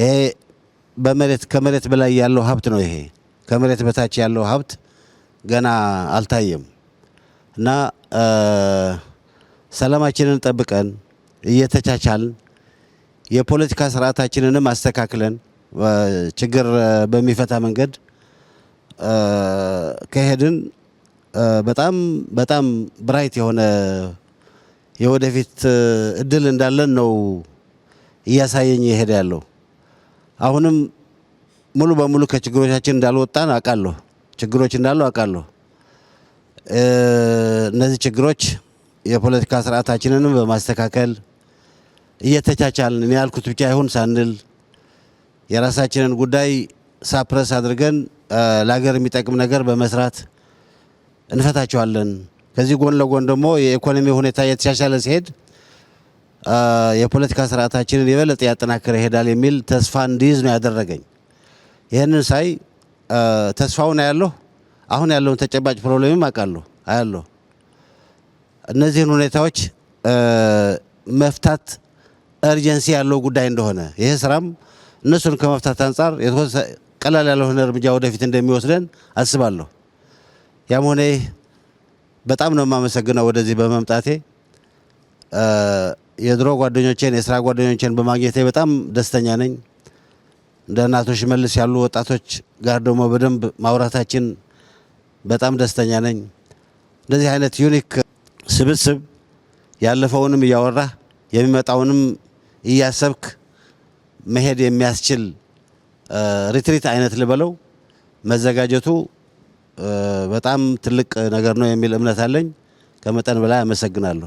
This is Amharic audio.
ይሄ በመሬት ከመሬት በላይ ያለው ሀብት ነው። ይሄ ከመሬት በታች ያለው ሀብት ገና አልታየም እና ሰላማችንን ጠብቀን እየተቻቻልን የፖለቲካ ስርዓታችንንም አስተካክለን ችግር በሚፈታ መንገድ ከሄድን በጣም በጣም ብራይት የሆነ የወደፊት እድል እንዳለን ነው እያሳየኝ የሄደ ያለው። አሁንም ሙሉ በሙሉ ከችግሮቻችን እንዳልወጣን አውቃለሁ። ችግሮች እንዳሉ አውቃለሁ። እነዚህ ችግሮች የፖለቲካ ስርዓታችንንም በማስተካከል እየተቻቻልን እኔ ያልኩት ብቻ አይሁን ሳንል የራሳችንን ጉዳይ ሳፕረስ አድርገን ለሀገር የሚጠቅም ነገር በመስራት እንፈታቸዋለን። ከዚህ ጎን ለጎን ደግሞ የኢኮኖሚ ሁኔታ እየተሻሻለ ሲሄድ የፖለቲካ ስርዓታችንን የበለጠ ያጠናክረ ይሄዳል የሚል ተስፋ እንዲይዝ ነው ያደረገኝ። ይህንን ሳይ ተስፋውን አያለሁ። አሁን ያለውን ተጨባጭ ፕሮብሌም አውቃለሁ አያለሁ። እነዚህን ሁኔታዎች መፍታት እርጀንሲ ያለው ጉዳይ እንደሆነ ይሄ ስራም እነሱን ከመፍታት አንጻር ቀላል ያልሆነ እርምጃ ወደፊት እንደሚወስደን አስባለሁ። ያም ሆነ ይህ በጣም ነው የማመሰግነው ወደዚህ በመምጣቴ የድሮ ጓደኞቼን የስራ ጓደኞቼን በማግኘቴ በጣም ደስተኛ ነኝ። እንደ እናቶ ሽመልስ ያሉ ወጣቶች ጋር ደግሞ በደንብ ማውራታችን በጣም ደስተኛ ነኝ። እንደዚህ አይነት ዩኒክ ስብስብ ያለፈውንም እያወራህ የሚመጣውንም እያሰብክ መሄድ የሚያስችል ሪትሪት አይነት ልበለው መዘጋጀቱ በጣም ትልቅ ነገር ነው የሚል እምነት አለኝ። ከመጠን በላይ አመሰግናለሁ።